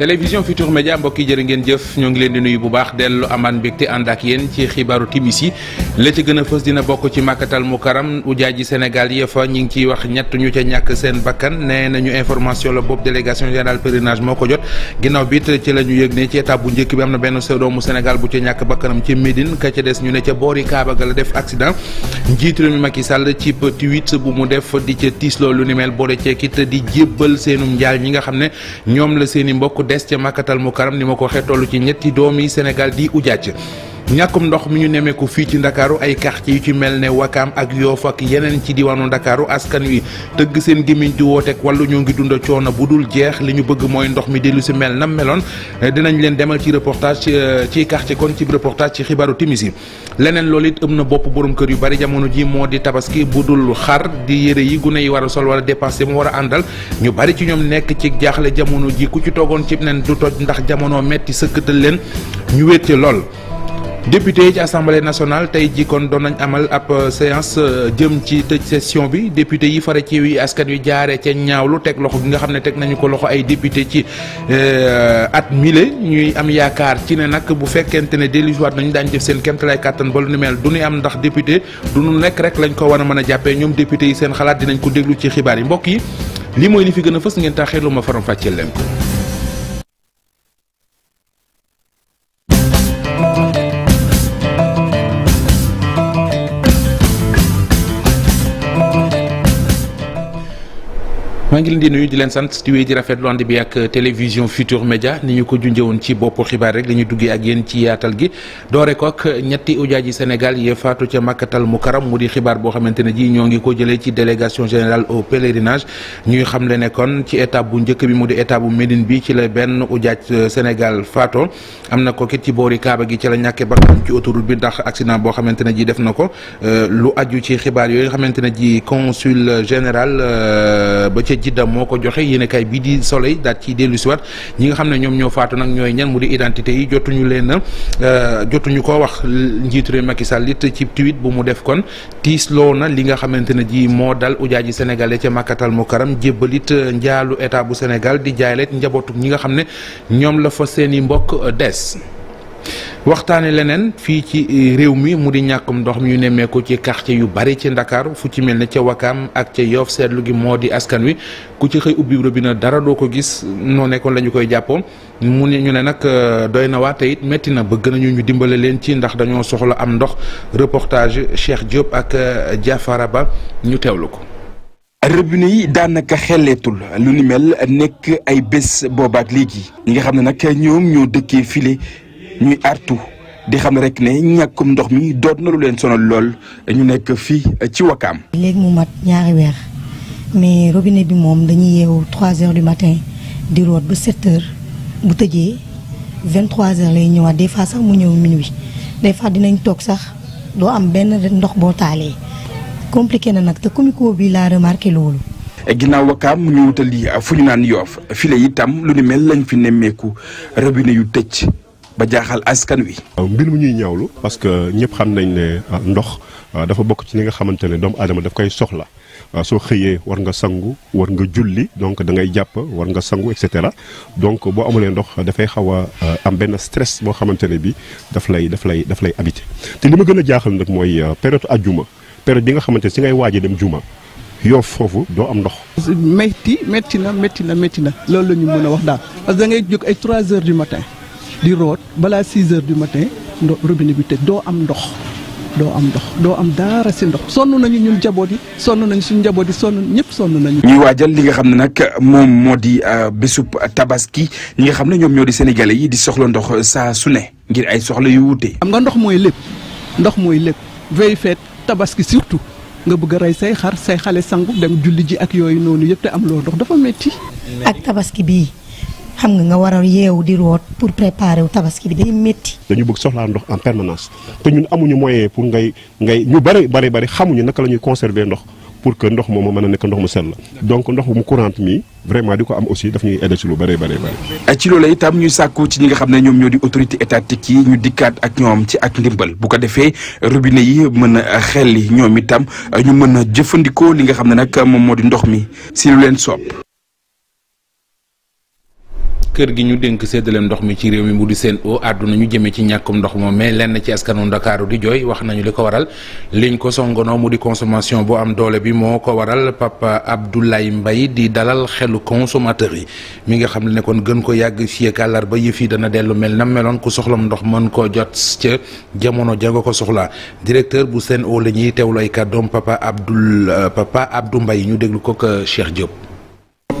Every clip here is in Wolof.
télévision Futur Média mbokk yi jërë ngeen jëf ñoo ngi leen di nuyu bu baax dellu amaan mbégte ànd ak ci xibaaru timis yi la ci gën a fës dina bokk ci màkkatal mu karam ujaay ji Sénégal yi fa ñu ngi ciy wax ñett ñu ca ñàkk seen bakkan nee nañu information la boobu délégation générale pèlerinage moo ko jot ginnaaw bi it ci la ñu yëg ne bu njëkk bi am na benn doomu Sénégal bu ca ñàkk bakkanam ca Médine ka ca des ñu ne ca boori Kaaba ga la def accident njiitu réew mu def di ca tiis loolu lu ni mel boole ceekit di ñi nga xam ne ñoom la seeni mbokk des ca màkkatal mu karam ni ma ko waxee toll ci ñetti doomi Sénégal di ujaaj ñàkkum ndox mi ñu nemmeeku fii ci ndakaaru ay quartier yu ci mel ne Wakaam ak Yoof ak yeneen ci diwaanu ndakaaru askan wi tëgg seen gémmiñ di wooteeg wàllu ñoo ngi dund coono bu dul jeex li ñu bëgg mooy ndox mi dellu si mel nam meloon eh, dinañ leen demal ci reportage euh, ci quartier kon ci reportage ci xibaaru timis yi leneen loolu it am na bopp borom kër yu bari jamono ji moo di tabaski bu dul xar di yëre yi gune yi war a sol wala dépassé mu war a àndal ñu bari ci ñoom nekk ci jaaxle jamono ji ku ci toogoon ci nen du toj ndax jamono metti sëkkatal leen ñu wéete lool député yi ci assemblée nationale tey jii kon doon nañ amal ab euh, séance euh, jëm ci tëj session bi député yi fare ci wi askan wi jaaree ca lu teg loxo bi nga xam ne teg nañu ko loxo ay député ci euh, at mile ñuy am yaakaar ci ne nag bu fekkente ne dellusiwaat nañu daañu def seen kéemtalaay kàttan ba lu ni mel du ñu am ndax député du nu nekk rek lañ ko war a mën a jàppee ñoom député yi seen xalaat dinañ ko déglu ci xibaar yi mbokk yi lii mooy li fi gën a fës ngeen taxee lu ma faram fàcceel leen di nuyu di leen sant di wéy di rafetlu ànd bi ak télévision Futur Média ni ñu ko junjëwoon ci boppu xibaar rek la duggee ak yéen ci yaatal gi doore ñetti ujaaji Sénégal yee faatu ca Makkatal Mukarram mu di xibaar boo xamante ne ji ñoo ngi ko jëlee ci délégation générale au pèlerinage ñuy xam le ne kon ci étape bu njëkk bi mu di étape bu Médine bi ci la benn ujaaj euh, Sénégal faato am na ko kit ci boori Kaaba gi ci la ñàkkee bakkanam ci autoroute bi ndax accident boo xamante ne ji def na ko euh, lu aju ci xibaar yooyu xamante ne ji consul général euh, ba ca Jidda moo ko joxe yéenekaay bi di Soleil daal ci dellu si ñi nga xam ne ñoom ñoo faatu nag ñooy ñan mu di identité yi jotuñu leen euh, jotuñu ko wax njiitu réew Macky Sall it ci tweet bu mu def kon tiisloo na li nga xamante ne ji moo dal ujaaji sénégalais ca mu Mukarram jébbalit euh, njaalu état bu Sénégal di jaayleet njabootu ñi nga xam ne ñoom la fa seeni mbokk des waxtaane leneen fii ci eh, réew mi mu di ñàkkum ndox mi ñu nemmeeku ci quartier yu bari ci Ndakaaru fu ci mel ni ca Wakaam ak ca Yoff seetlu gi moo di askan wi ku ci xëy ubbi robinet dara doo ko gis noo nekkoon lañu koy jàppoo mu ne ñu ne nag eh, doy na waa te it na bëgg nañu ñu dimbale leen ci ndax dañoo soxla am ndox reportage Cheikh Diop ak jafara eh, Ba ñu teewlu ko. robinet yi daanaka xelleetul lu ni mel nekk ay bés boobaak léegi ñi nga xam ne nag ñoom ñoo dëkkee ñuy artu di xam ne rek ne ñàkkum ndox mi doot na lu leen sonal lool ñu nekk fii ci Wakaam. léegi mu mat ñaari weer mais robinet bi moom dañuy yeewu 3 heures du matin di root ba 7 heures bu tëjee 23 heures lay ñëwaat des fois sax mu ñëw minuit des fois dinañ toog sax doo am benn ndox boo taalee compliqué na nag te comico bii laa remarqué loolu. ginnaaw wakaam ñu wutal yi fu ñu naan yoof file itam lu ni mel lañ fi nemmeeku robinet yu tëj. ba jaaxal askan wi. mbir mu ñuy ñaawlu parce que ñëpp xam nañ ne ah, ndox ah, dafa bokk ci li nga xamante ne doomu aadama daf koy soxla. Ah, soo xëyee war nga sangu war nga julli donc da ngay jàpp war nga sangu et donc boo amulee ndox dafay xaw a am benn stress boo xamante ne bi daf lay daf lay daf lay habité te li ma gën a jaaxal nag mooy période ajjuma période bi nga xamante ne si ngay waaj dem juma yoo foofu doo am ndox. metti metti na metti na metti na loolu la mën a wax daal parce que di root balaa 6 heures du matin ndo robinet bi tëj doo am ndox doo am ndox doo am daara si ndox sonn nañu ñun jaboot yi sonn nañu suñu njaboot yi sonn ñëpp sonn nañu. ñuy waajal li nga xam ne nag moom moo di euh, bésub tabaski ñi nga xam ne ñoom ñoo di sénégalais yi di soxla ndox saa su ne ngir ay soxla yu wuute. am nga ndox mooy lépp ndox mooy lépp veille fête tabaski surtout nga bëgg rey say xar say xale sangu dem julli ji ak yooyu noonu yëpp te am loo ndox dafa metti ak tabaski bii. xam nga nga war a yeewu di root pour préparer wu tabaski bi day métti. dañu bëgg soxlaa ndox en permanence te ñun amuñu moyen pour ngay ngay ñu bari bari bari xamuñu naka la ñuy conserver ndox pour que ndox moomu mën a nekk ndox mu sell donc ndox mu courante mi vraiment di ko am aussi daf ñuy aidé ci lu bëree bëri bëri. Eh, ci loolee itam ñuy ci ñi nga xam ne ñoom ñoo di autorité étatique yi dikkaat ak ñoom ci ak ndimbal bu ko defee robinet yi mën a xel ñoom itam ñu mën a jëfandikoo li nga xam ne nag moom moo di ndox mi si lu leen soob. kër gi ñu dénk séddale ndox mi ci réew mi mu di seen o àdduna ñu jëmee ci ñàkkum ndox moom mais lenn ci askanu ndakaaru di jooy wax nañu li ko waral liñ ko songono mu di consommation bu am doole bi moo ko waral Papa Abdoulaye mbay di dalal xelu consommateur yi mi nga xam ne kon gën ko yàgg fii kàllar ba yëf yi dana dellu mel na meloon ku soxlam ndox mën koo jot ca jamono jango ko soxla directeur bu seen o la ñuy teewlay kàddoom Papa Abdoul Papa Abdou mbay ñu déglu ko ak Cheikh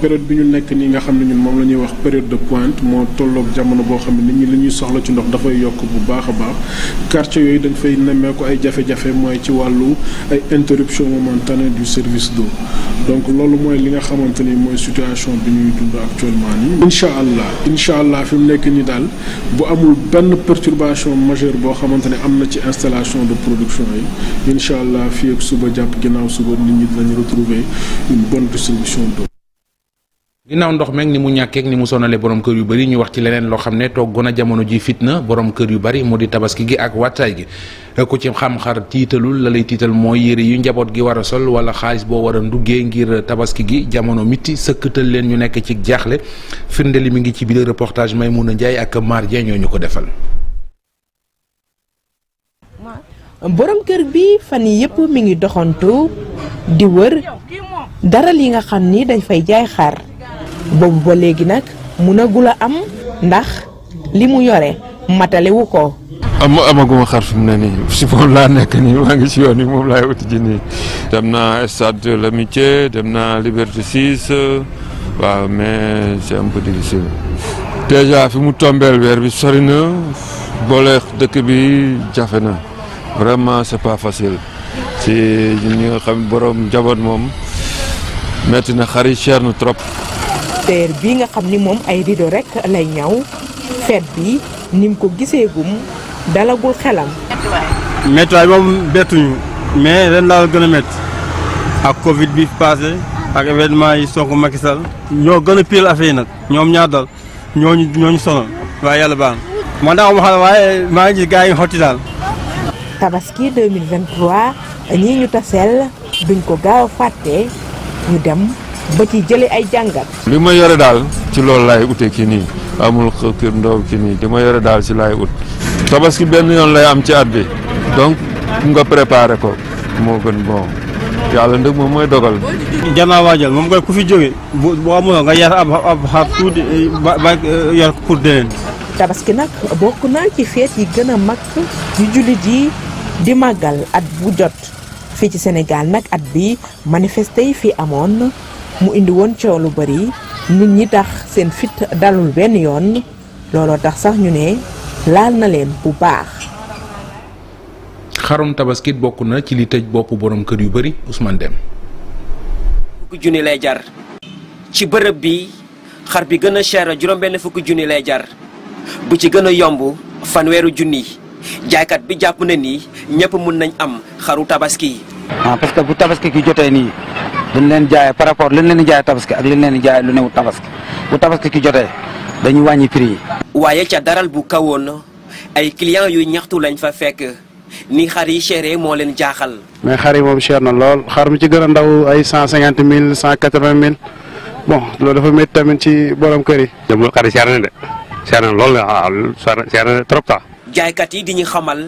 période bi ñu nekk nii nga xam ne ñun moom la ñuy wax période de pointe moo tolloog jamono boo xam ne nit ñi li ñuy soxla ci ndox dafay yokk bu baax a baax quartier yooyu dañ fay nemmeeku ay jafe-jafe mooy ci wàllu ay interruption momentanée du service d'eau donc loolu mooy li nga xamante ni mooy situation bi ñuy dund actuellement nii. incha allah incha allah fi mu nekk nii daal bu amul benn perturbation majeure boo xamante ne am na ci installation de production yi incha allah fii suba jàpp ginnaaw suba nit ñi dinañ retrouver une bonne distribution d'eau ginnaaw ndox meeg ni mu ñàkkeek ni mu sonale borom kër yu bëri ñu wax ci leneen loo xam ne toggoon a jamono ji fitna borom kër yu bëri mu di tabaski gi ak wataay gi ku ci xam-xar tiitalul la tiital mooy yére yu njaboot gi war a sol wala xaalis boo war a nduggee ngir tabaski gi jamono mitti sëkkatal leen ñu nekk ci jaaxle firnde li mi ngi ci biir reportage a Ndiaye ak Mar Dieng ñoo ñu ko defal. fan yii yëpp mi ngi doxantu di wër dara li xam ni dañ fay jaay xar. boobu ba léegi nag munagul a am ndax li mu yore matalewu ko. am amaguma xar fi mu ne nii si moom laa nekk nii maa ngi si yoon yi moom laay uti ji nii dem naa stade de l'amitié dem naa Liberté 6 waaw mais c'est un peu difficile déjà fi mu tombeel weer bi sori na booleex dëkk bi jafe na vraiment c'est pas facile si ñi nga xam borom njaboot moom metti na xar yi cher na trop. bi nga xam ni moom ay rido rek lay ñaw feet bi ni mu ko giseegum dalagul xelam. méttiwaay moom bettuñu mais ren laa gën a métti ak Covid bi passé ak événement yi Sonko Macky ñoo gën a pire affaire nag ñoom ñaar dal ñooñu ñooñu sonal waaye yàlla baax na man daa ma xam waaye maa ngi gis gars yi xotti daal. tabaski 2023 ñu taseel duñ ko gaaw a fàtte ñu dem. ba ci jëlee ay jàngat. li ma yore daal ci loolu laay ute kii nii amul kër ndaw kii nii li ma yore daal ci laay ut tabaski benn yoon lay am ci at bi donc nga préparé ko moo gën bon yàlla ndëg moom mooy dogal. jar naa waajal moom koy ku fi jógee bu boo amuloo nga yar ab ab xar tuuti eh, ba ba eh, yar pour déwén. tabaski nag bokk na ci feet yi gën a mag yu jullit yi di màggal at bu jot fii ci Sénégal nag at bi manifester yi fi amoon. mu indi woon coow lu bari nit ñi tax seen fit dalul benn yoon looloo tax sax ñu ne laal na leen bu baax. xarum tabaskit bokk na ci li tëj bopp borom kër yu bari Ousmane dem fukki lay jar ci bërëb bi xar bi gën a cher juróom-benn fukki junni lay jar bu ci gën a yomb fanweeru junni jaaykat bi jàpp na ni ñëpp mën nañ am xaru tabaski. ah parce que bu tabaski ki jotee nii. liñ leen jaayee par rapport liñ leen di jaayee tabaski ak liñ leen di jaayee lu newut tabaski bu tabaski ki jotee dañu wàññi prix yi. waaye ca daral bu kawoon ay clients yuy ñaxtu lañ fa fekk ni xar yi chéré moo leen jaaxal. mais xar yi moom cher na lool xar mu ci gën ndaw ay cent cinquante mille cent quatre-vingt mille bon loolu dafa métti tamit ci borom kër yi. dem loolu xar yi cher na de cher na lool ah, cher jaaykat yi di ñu xamal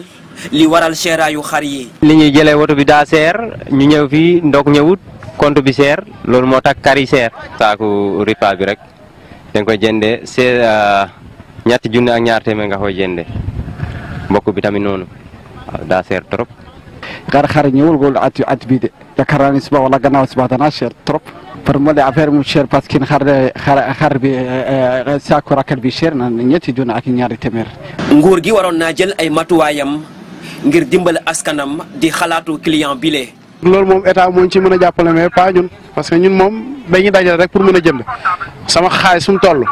li waral seeraayu xar yi. li ñuy jëlee woto bi daa seer ñu ñëw fii ndok ñëwut. compte bi seer loolu moo tax kari seer saaku ripa bi rek danga koy jëndee see euh, ñetti junne ak ñaar téeméer nga koy jëndee mbokk bi tamit noonu waaw trop xar xar ñëwul gol at at bii de yaakaar suba gannaaw suba danaa cher trop par mo de affaire cher parce que xar xar bi euh, euh, saaku rakkal bi cher na ñetti junne ak ñaari téeméer nguur gi waroon naa jël ay matuwaayam ngir dimbale askanam di xalaatu client bile loolu moom état moo ci mën a jàppale mais pas ñun parce que ñun moom dañuy dajale rek pour mën a jënd sama xaalis sum toll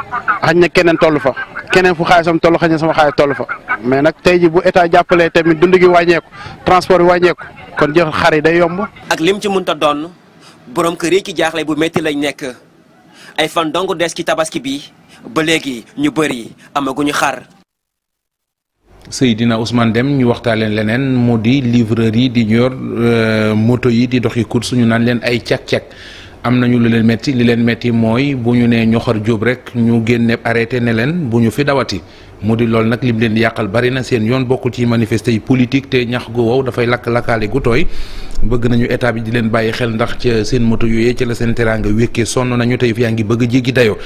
xañ na keneen toll fa keneen fu xaalisam toll xañ na sama xaalis toll fa mais nag tey ji bu état jàppalee tamit dund gi wàññeeku transport bi wàññeeku kon jël xar yi day yomb. ak lim ci mënta doon borom kër yi ci jaaxle bu métti lay nekk ay fan dong des ci tabaski bi ba léegi ñu bëri amaguñu xar. dina Ousmane Dem ñu waxtaaleen leneen moo di livreur yi di ñor euh, moto yi di doxi course suñu naan leen ay càq-càq am nañu lu leen metti li leen metti mooy bu ñu nee ñoxor jóob rek ñu génne arrêté ne leen bu ñu fi dawati mu di loolu nag lim leen di yàqal bari na seen yoon bokkul ci manifester yi politique te ñax gu wow dafay lakk lakkaale gu tooy bëgg nañu état bi di leen bàyyi xel ndax ca seen moto yooyee ci la seen teraanga wékkee sonn nañu tey yaa ngi bëgg a jéggi dayoo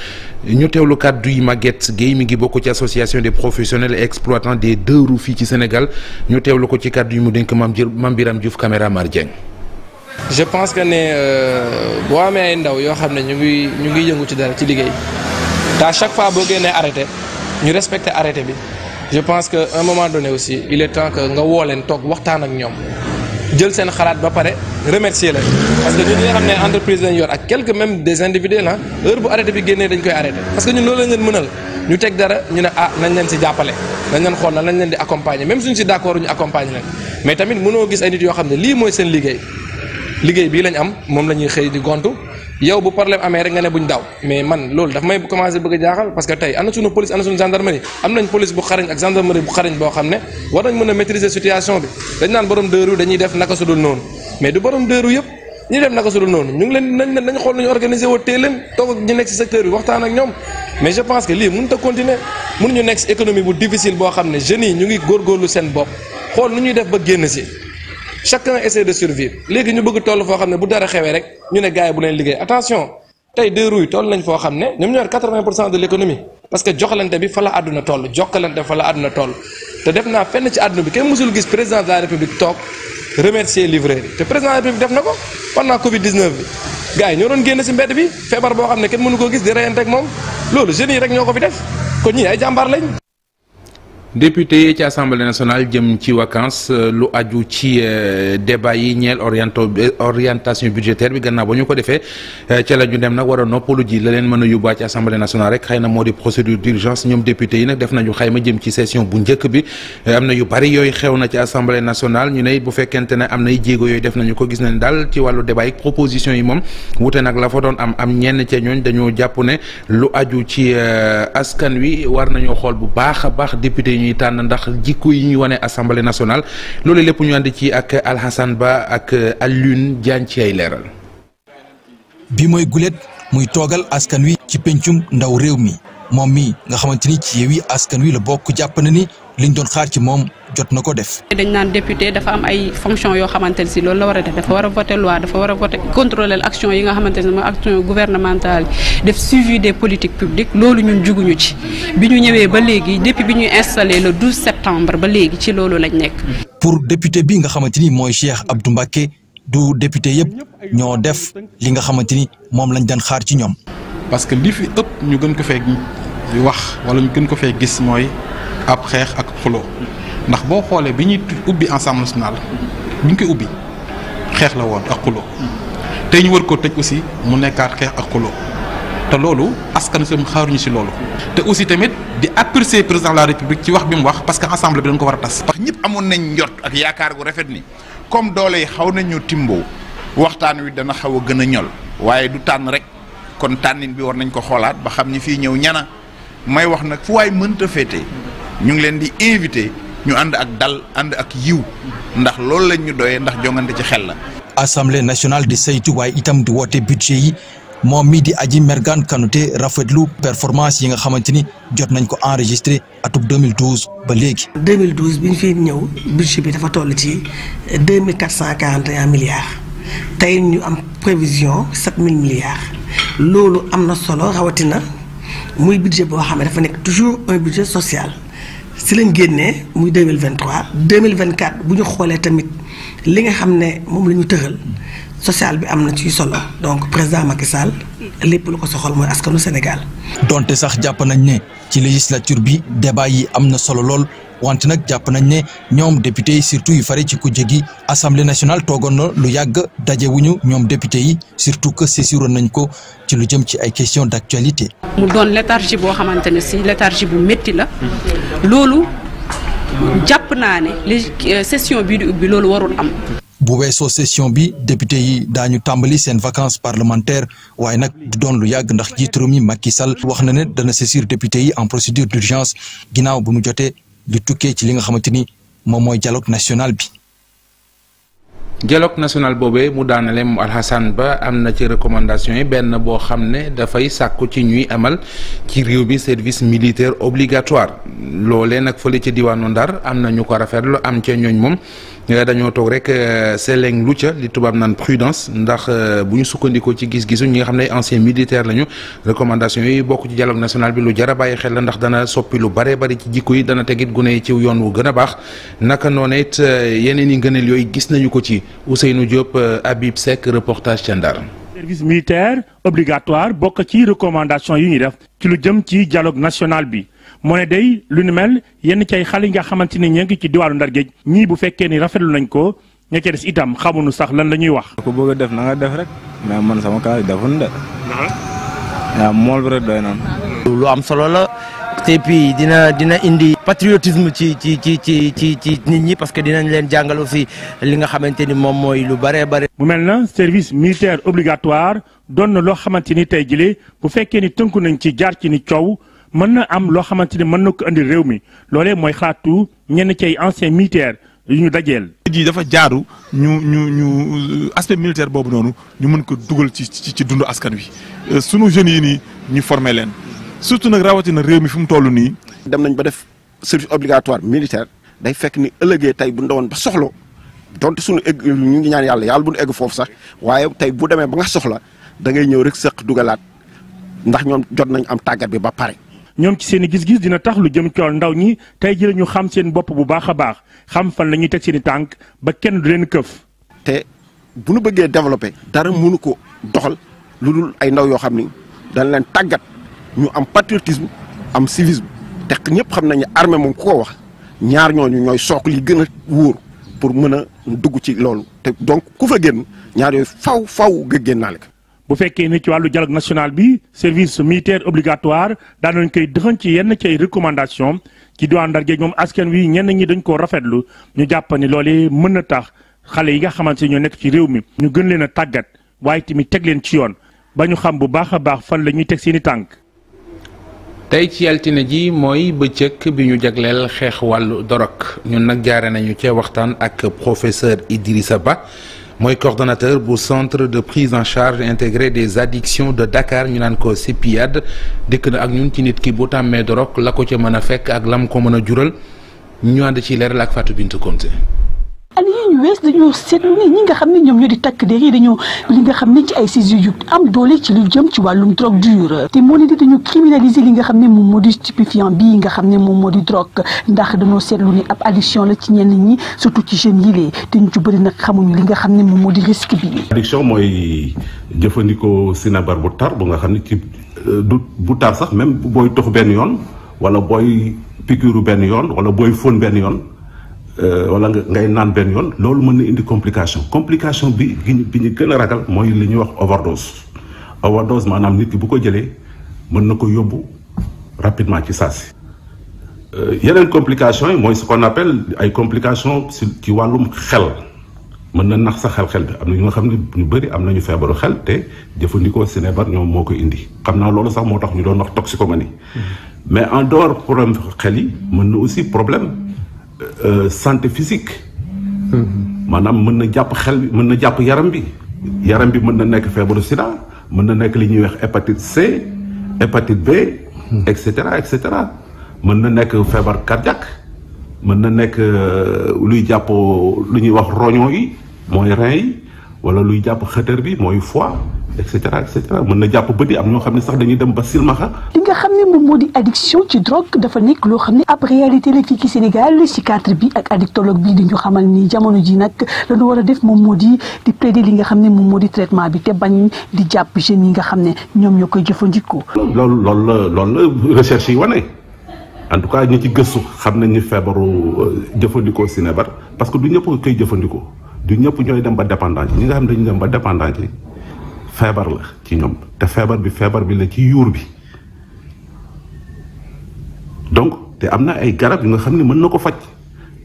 ñu teewlu kàddu yi Maguette Guèye mi ngi bokk ci association des professionnels et exploitants des deux roues fii ci Sénégal ñu teewlu ko ci kàddu yi mu dénk Mame Biram Diouf caméra Mar je pense que ne euh, boo amee ay ndaw yoo xam ne ñu ngi ñu ngi yëngu ci dara ci liggéey te à chaque fois boo génnee arrêté ñu respecté arrêté bi je pense que un moment donné aussi il est temps que nga wooleen leen toog waxtaan ak ñoom jël seen xalaat ba pare remercier la parce que ñun ñi nga xam ne entreprise lañ yor ak quelques même des individuels ah heure bu arrêté bi génnee dañ koy arrêté parce que ñun loolu la ngeen mënal ñu teg dara ñu ne ah nañ leen si jàppale nañ leen xool nañ leen di accompagner même suñ si d'accord ñu nit yoo xam ne lii mooy seen liggéey liggéey bii lañ am moom la ñuy xëy di gontu yow bu problème amee rek nga ne buñ daw mais man loolu daf may commencé bëgg a jaaxal parce que tey ana suñu police ana suñu gendarmerie am nañ police bu xarañ ak gendarmerie bu xarañ boo xam ne war nañ mën a maîtriser situation bi dañ naan borom dëru dañuy def naka sudul noonu mais du borom dëru yëpp ñu dem naka sudul noonu ñu ngi leen nañ nañ xool nañu organiser woo teel leen toog ak ñu nekk si secteur que lii mënut a continuer mënuñu nekk si économie bu difficile boo xam ne jeunes yi ñu ngi góorgóorlu seen bopp xool nu ñuy def ba génn si chacun essaie de survivre léegi ñu bëgg toll foo xam ne bu dara xewee rek ñu ne gars yi bu leen liggéey attention tey deux roues toll nañ foo xam ne ñoom ñoo yor 80 pour cent de l' économie parce que joxalante bi fa la àdduna toll jokkalante bi fa la àdduna toll te def naa fenn ci àdduna bi kenn mësul gis président de la république toog remercier livreur yi te président de la république def na ko naa Covid 19 bi gars yi ñoo doon génn si mbedd bi feebar boo xam ne kenn mënu koo gis di reyante ak moom loolu jeunes yi rek ko fi def kon ñii lañ. député ci assemblée nationale jëm ci vacances euh, lu aju ci euh, débat yi ñeel oriento orientation budgétaire bi gannaaw ba ñu ko defee euh, ca la ñu dem nag war a noppalu ji la leen mën a yóbbaa ci assemblée nationale rek xëy na moo di procédure d'urgence ñoom député yi nag def nañu xayma jëm ci session bu njëkk bi am na yu bari yooyu xew na ca assemblée nationale ñu ne bu fekkente ne am nay jéego yooyu def nañu ko gis nañ daal ci wàllu débat yi proposition yi moom wute nag la fa doon am am ñenn ca ñooñ dañoo jàpp ne lu aju ci askan wi war nañoo xool ñuy tànn ndax jikko yi ñuy wane assemblée nationale loolu lépp ñu ànd ci ak Alhassane Ba ak Alioune Diagne ci ay leeral. bi mooy gulet muy toogal askan wi ci pencum ndaw réew mi moom mi nga xamante ni ci Yewwi Askan Wi la bokk jàpp liñ doon xaar ci moom jot na ko def. dañ naan député dafa am ay fonction yoo xamante ne si loolu la war a def dafa war a voter loi dafa war a voter contrôler action yi nga xamante ne mooy action gouvernementale def suivi des politiques publiques loolu ñun juguñu ci bi ñu ñëwee ba léegi depuis bi ñuy installé le 12 septembre ba léegi ci loolu lañ nekk. pour député bi nga xamante ni mooy Cheikh Abdou Mbacké du député yëpp ñoo def li nga xamante ni moom lañ daan xaar ci ñoom. parce que li ëpp ñu gën ko fee wax wala ñu gën ko fee gis mooy. ab xeex ak xuloo ndax boo xoolee bi ñuy ubbi ensemble national bi ñu koy ubbi xeex la woon ak xuloo tey ñu war koo tëj aussi mu nekkaat xeex ak xuloo te loolu askan wi xaaruñu si loolu. te aussi tamit di apprécier président de la république ci wax bi mu wax parce que ensemble bi dañ ko war a tas. parce que ñëpp amoon nañ njot ak yaakaar gu rafet ni comme doole yi xaw nañu timboo waxtaan wi dana xaw a gën a ñol waaye du tànn rek kon tànnin bi war nañ ko xoolaat ba xam ni fii ñëw ñana may wax nag fu waay mënta féete. ñu ngi leen di invité ñu ànd ak dal ànd ak yiw ndax loolu lañ ñu doyee ndax jongante ci xel la. assemblée nationale di saytu waaye itam di woote budget yi moom mii di aji mergan kanute rafetlu performance yi nga xamante ni jot nañ ko enregistré atub 2012 ba léegi. 2012 bi ñu fi ñëw budget bi dafa toll ci 2441 milliards tey ñu am prévision 7000 milliards loolu am na solo rawatina muy budget boo xam ne dafa nekk toujours un budget social. ci lañ génnee muy 2023 2024 bu ñu xoolee tamit li nga xam ne moom la ñu tëral social bi am na ciy solo donc président Macky Sall lépp lu ko soxal mooy askanu Sénégal. donte sax jàpp nañ ne ci législature bi débat yi am na solo lool. wante nag jàpp nañ ne ñoom député yi surtout yu fare ci kujje gi assemblée national toogoon na lu yàgg dajewuñu ñoom député yi surtout que saisiroon nañ ko ci lu jëm ci ay questions d'actualité. mu doon léthargie boo xamante ne si léthargie bu métti la. loolu jàpp naa ne les euh, session ubbi loolu warul am. bu weesoo session bi député yi daañu tàmbali seen vacances parlementaires waaye nag du doon lu yàgg ndax jiitu réew mi Macky Sall wax na ne dana saisir député yi en procédure d'urgence ginnaaw bu mu jotee li tukkee ci li nga xamante ni moom mooy dialogue nationale bi. dialogue national boobee mu daanale mu Alhassane Ba am na ci recommandation yi benn boo xam ne dafay sàkku ci ñuy amal ci réew bi service militaire obligatoire loole nag fële ci diwaanu Ndar am na ñu ko rafetlu am ca ñooñ moom. Eh, dañoo toog rek euh, seleng lu ca li tubaab naan prudence ndax euh, bu ñu sukkandikoo ci gis-gisu ñi nga xam ne ancien militaire lañu recommandation yi bokk ci dialogue national bi lu jar bàyyi xel la ndax dana soppi lu bare bari ci jikko yi dana tegit gune yi ci yoon wu gën a baax naka noonu it euh, yeneen yi ngëneel yooyu gis nañu ko ci Ousseynou Diop Habib sek reportage ca Ndar service militaire obligatoire bokk ci recommandation yi ñu def ci lu jëm ci dialogue national bi moo ne day lu nu mel yenn cay xale yi nga xamante ni ñoo ngi ci diwaanu Ndar géej ñii bu fekkee ni rafetlu nañ ko ña ca des itam xamuñu sax lan la ñuy wax. ku bëgg a def na nga def rek mais man sama classe defuñu de. Uh-huh. waaw mool am solo la. te puis dina dina indi patriotisme ci ci ci ci ci ci nit ñi parce que dinañ leen jàngal aussi li nga xamante ni moom mooy lu bare bare. mu mel na service militaire obligatoire doon na loo xamante ni tey jile bu fekkee ni tënku nañ ci jaar ci ni coow. mën na am loo xamante ni mën na ko indi réew mi loole mooy xalaatu ñenn ci ay anciens militaires yu ñu dajeel. ji dafa jaaru ñu ñu ñu aspect militaire boobu noonu ñu mën ko dugal ci ci dundu askan wi euh, sunu jeunes yi nii ñu former leen surtout nag rawatina réew mi fi mu toll nii. dem nañ ba def service obligatoire militaire day fekk ni ëllëgee tey bu ndawoon ba soxla donte suñu egg ñu ngi ñaan yàlla yàlla bu nu egg foofu sax waaye tey bu demee ba nga soxla da ngay ñëw rek sëq dugalaat ndax ñoom jot nañ am tàggat bi ba pare. ñoom ci seen i gis-gis dina tax lu jëm ci wàllu ndaw ñi tey ji la ñu xam seen bopp bu baax a baax xam fan la ñuy teg seen i tànk ba kenn du leen këf. te bu nu bëggee développé dara mënu ko doxal lu dul ay ndaw yoo xam ni dañ leen tàggat ñu am patriotisme am civisme te ñëpp xam nañu armée moom ku ko wax ñaar ñoo ñooñu ñooy sook li gën a wóor pour mën a dugg ci loolu te donc ku fa génn ñaar yooyu faw faw nga génnaale ko bu fekkee ni ci wàllu dialogue national bi service militaire obligatoire daan koy dëxan ci yenn cay recommandation ci diwaan Ndar géej moom askan wi ñenn ñi dañ koo rafetlu ñu jàpp ni loolee mën a tax xale yi nga xamante ne ñoo nekk ci réew mi ñu gën leen a tàggat waaye tamit teg leen ci yoon ba ñu xam bu baax a baax fan la ñuy teg seeni tànk tey ci altine ji mooy bëccëg bi ñu jagleel xeex wàllu dorog ñun nag jaare nañu cee waxtaan ak professeur Idrissa Ba mooy coordonateur bu centre de prise en charge intégrée des addictions de Dakar ñu naan ko CEPIAD dëkk na ak ñun ci nit ki bu tàmmee dorog la ko ca mën a fekk ak lam ko mën a jural ñu ànd ci leeral ak Fatou Bintou Conté ñu wees dañoo seetlu ne ñi nga xam ne ñoom ñoo di takk der yi dañoo li nga xam ne ci ay saisies am doole ci lu jëm ci wàllum drogue dure te moo ne di dañu criminaliser li nga xam ne moom moo di stupéfiant bii nga xam ne moom moo di drogue ndax dañoo seetlu ne ab addiction la ci ñenn ñi surtout ci jeunes yi lee te ñu ci bëri nag xamuñu li nga xam ne moom moo di risque bi. addiction mooy jëfandikoo sinabar bu tar bu nga xam ne ci euh, du bu tar sax même booy tox benn yoon wala booy piqûre benn yoon wala booy fóon benn yoon. Euh, wala ngay naan benn yoon loolu mën na indi complication complication bi bi ñu gën a ragal mooy li ñuy wax overdose overdose maanaam nit ki bu ko jëlee mën na ko yóbbu rapidement ci saasi. Euh, yeneen complication yi mooy ce qu'on appelle ay complication si ci wàllum xel mën na nax sa xel-xel bi am na ñu nga xam ne ñu bari am na ñu feebaru xel te jëfandikoo sinébar ñoom moo ko indi xam naa loolu sax moo tax ñu doon wax toxicomanie mm-hmm. mais en dehors problème mën na aussi problème Euh, santé physique maanaam mën na jàpp xel bi mën na jàpp yaram bi yaram bi mën na nekk feebaru sida mën na nekk li ñuy wax hépatite C hépatite B et cetera et cetera mën na nekk feebar cardiaque mën na nekk euh, luy jàpp lu ñuy wax roño yi mooy rein yi wala luy jàpp xëtër bi mooy foie et cetera mën na jàpp bëti am ñoo xam ne sax dañuy dem ba silmaxa li nga xam ne moom moo di addiction ci drogue dafa nekk loo xam ne ab réalité la fii ci Sénégal psychiatre bi ak addictologue bi di ñu xamal ni jamono ji nag la war a def moom moo di di plaider li nga xam ne moom moo di traitement bi te bañ di jàpp jeunes yi nga xam ne ñoom ñoo koy jëfandikoo. lool loolu la loolu la recherche yi wane en tout cas ñi ci gëstu xam nañ ñu feebaru euh, jëfandikoo sinébar parce que du ñëpp koy jëfandikoo du ñëpp ñooy dem ba dépendance ñi nga xam ne dañu dem ba dépendance feebar la ci ñoom te feebar bi feebar bi la ci yuur bi donc te am na ay garab yu nga xam ne mën na ko faj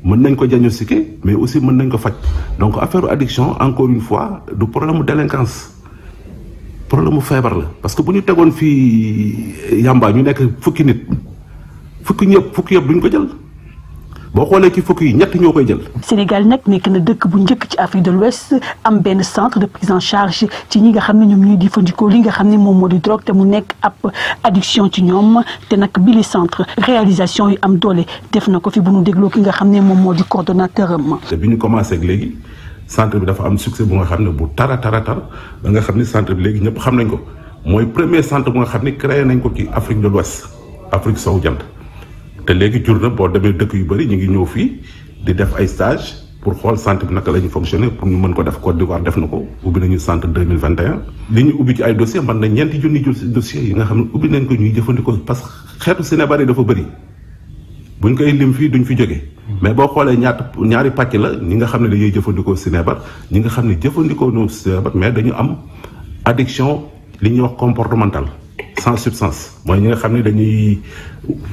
mën nañ ko diagnostiquer mais aussi mën nañ ko faj donc affaire addiction encore une fois du problème mu délinquance problème mu feebar la parce que bu ñu tegoon fii yàmba ñu nekk fukki nit fukki ñëpp fukki yëpp duñ ko jël. boo xoolee ci fukk yi ñett ñoo koy jël. Sénégal nag nekk na dëkk bu njëkk ci Afrique de l'Ouest am benn centre de prise en charge ci ñi nga xam ne ñoom ñuy jëfandikoo li nga xam ne moom moo di drogue te mu nekk ab addiction ci ñoom te nag bi li centre réalisation yi am doole def na ko fi bu nu dégloo ki nga xam ne moom moo di coordonnateur am. te bi ñu commencé ak léegi centre bi dafa am succès bu nga xam ne bu tara tara tar ba nga xam ne centre bi léegi ñëpp xam nañ ko mooy premier centre bu xam ne créé nañ ko ci Afrique de l'Ouest Afrique sowu jant. te léegi jur na boo demee dëkk yu bëri ñu ngi ñëw fii di def ay stage pour xool centre bi naka la ñuy fonctionner pour ñu mën ko def Côte d'Ivoire def na ko ubbi nañu centre 2021 li ñu ubbi ci ay dossier man na ñeenti junni jur dossiers yi nga xam ne ubbi nañ ko ñuy jëfandikoo parce que xeetu Sénégal yi dafa bu ñu koy lim fii duñ fi jóge mais boo xoolee ñaata ñaari pàcc la ñi nga xam ne dañuy jëfandikoo sinébar ñi nga xam ne jëfandikoo noo sinébar mais dañu am addiction li ñuy wax comportementale sans substance mooy ñi nga xam ne dañuy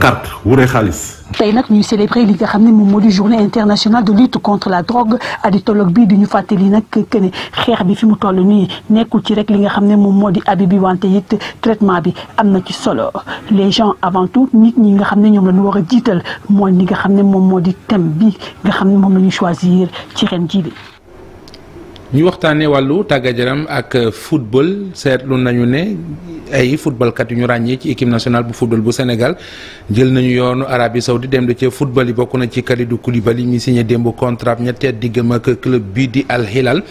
carte wure xaalis. tey nag ñuy célébrer li nga xam ne moom moo di journée internationale de lutte contre la drogue addictologue bi di ñu fàttali nag que ne xeex bi fi mu toll nii nekkul ci rek li nga xam ne moom moo di abi bi wante it traitement bi am na ci solo les gens avant nit ñi nga xam ne ñoom la ñu war a jiital mooy li nga xam ne moom moo di thème bi nga xam ne moom la ñu choisir ci ren jii bi. ñu waxtaanee wàllu tàggajaram ak football seetlu nañu ne ay footballkat yu ñu ràññee ci équipe national bu football bu Sénégal jël nañu yoonu Arabie Saoudite dem da ca football yi bokk na ci kalidu kuliba li ñu signé démb contrat ñetti at diggam ak club bii di Al Hilal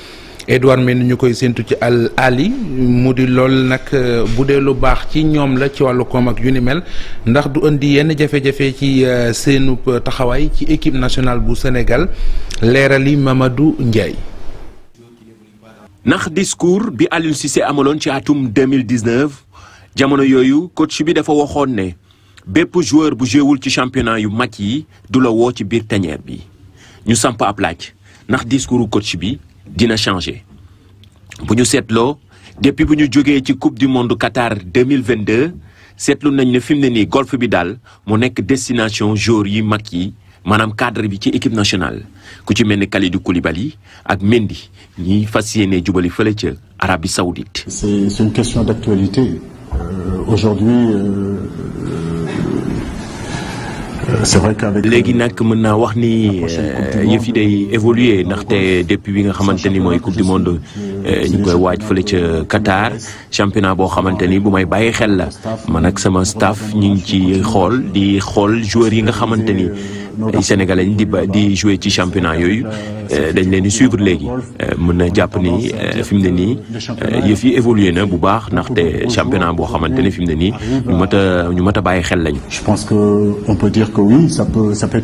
Edouard nañu koy séntu ci Al Ali mu di lool nag bu dee lu baax ci ñoom la ci wàllu koom ak yu ni mel ndax du indi yenn jafe-jafe ci euh, seenub taxawaay ci équipe national bu Sénégal leerali Mamadou Ndiaye. ndax discours bi Aliou Cissé amaloon ci atum 2019 jamono yooyu coach bi dafa waxoon ne bépp joueur bu jéewul ci championnat yu mag yi du la woo ci biir teñeer bi ñu samp ab laaj ndax discoursu coach bi dina changé bu ñu seetloo depuis bu ñu jógee ci coupe du monde Qatar 2022 seetlu nañ ne fi mu ne nii golf bi daal mu nekk destination joueur yi mag yi maanaam cadre bi ci équipe nationale ku ci mel ni Kalidou Koulibaly ak Mendy ñiy fas yéene jubali fële ca Arabie Saoudite. c'est une question d'actualité euh, aujourd'hui euh, euh, léegi nag mën naa wax ni euh, yëf yi day euh, évoluer ndaxte depuis bi nga xamante ni mooy coupe du monde euh, ñu koy waaj fële ca Qatar championnat boo xamante ni bu may bàyyi xel la man ak sama staf ñu ngi ci xool di xool joueurs yi nga xamante ni. ay sénégalais di ba di jouer ci championnat yooyu eh, dañ leen di suivre léegi eh, mën na jàpp ni eh, fi mu ne nii yëf yi na bu baax ndaxte championnat boo xamante ne fi mu ne nii ñu mat a ñu mat a bàyyi xel lañu. je pense que on peut dire que oui ça peut ça peut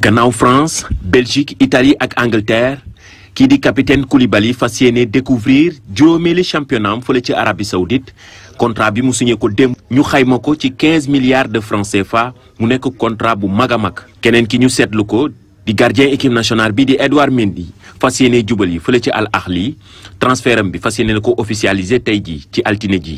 gannaaw France Belgique Italie ak Angleterre. kii di capitaine Koulibaly fas yéene découvrir juróomeeli championnat am fële ci Arabie Saoudite contrat bi mu signé ko démb ñu xayma ko ci 15 milliards de francs fa mu nekk contrat bu mag a mag keneen ki ñu seetlu ko di gardien équipe nationale bi di Edouard Mendy fas yéene jubal yi fële ci Al Ahli transfert am bi fas yéene na ko officialisé tey jii ci altine ji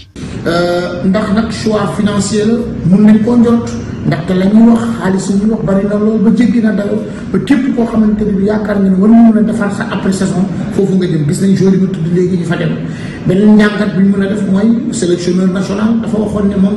euh, ndax nag choix financier la mun nañ koo njort ndaxte la ñuy wax xaalis yi ñuy wax bari na lool ba jéggi na dayo ba képp koo xamante ni bi yaakaar nga ne war nga mën a defar sa après saison foofu nga jëm gis nañ joueurs yi tudd léegi ñu fa dem beneen njàngat bi ñu a def mooy sélectionneur national dafa waxoon ne moom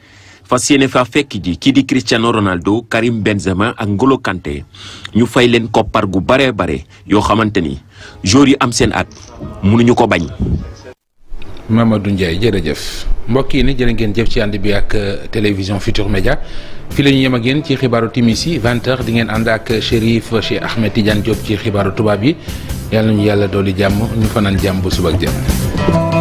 fas yéene fa fekk ji kii di Cristiano Ronaldo Karim Benzema ak Ngolo Kanté ñu fay leen koppar gu baree bare yoo xamante ni joueurs yi am seen at mënuñu ko bañ. Mamadou Ndiaye jërëjëf mbokk yi ne ngeen jëf ci ànd bi ak euh, télévision Futur Média fi la ñu yem ak yéen ci xibaaru timis yi 20 di ngeen ànd ak Chérif Cheikh Ahmed Tidiane jot ci xibaaru tubaab yi yàlla ñu yàlla dooli jàmm ñu fanaan jàmm bu suba ak jàmm.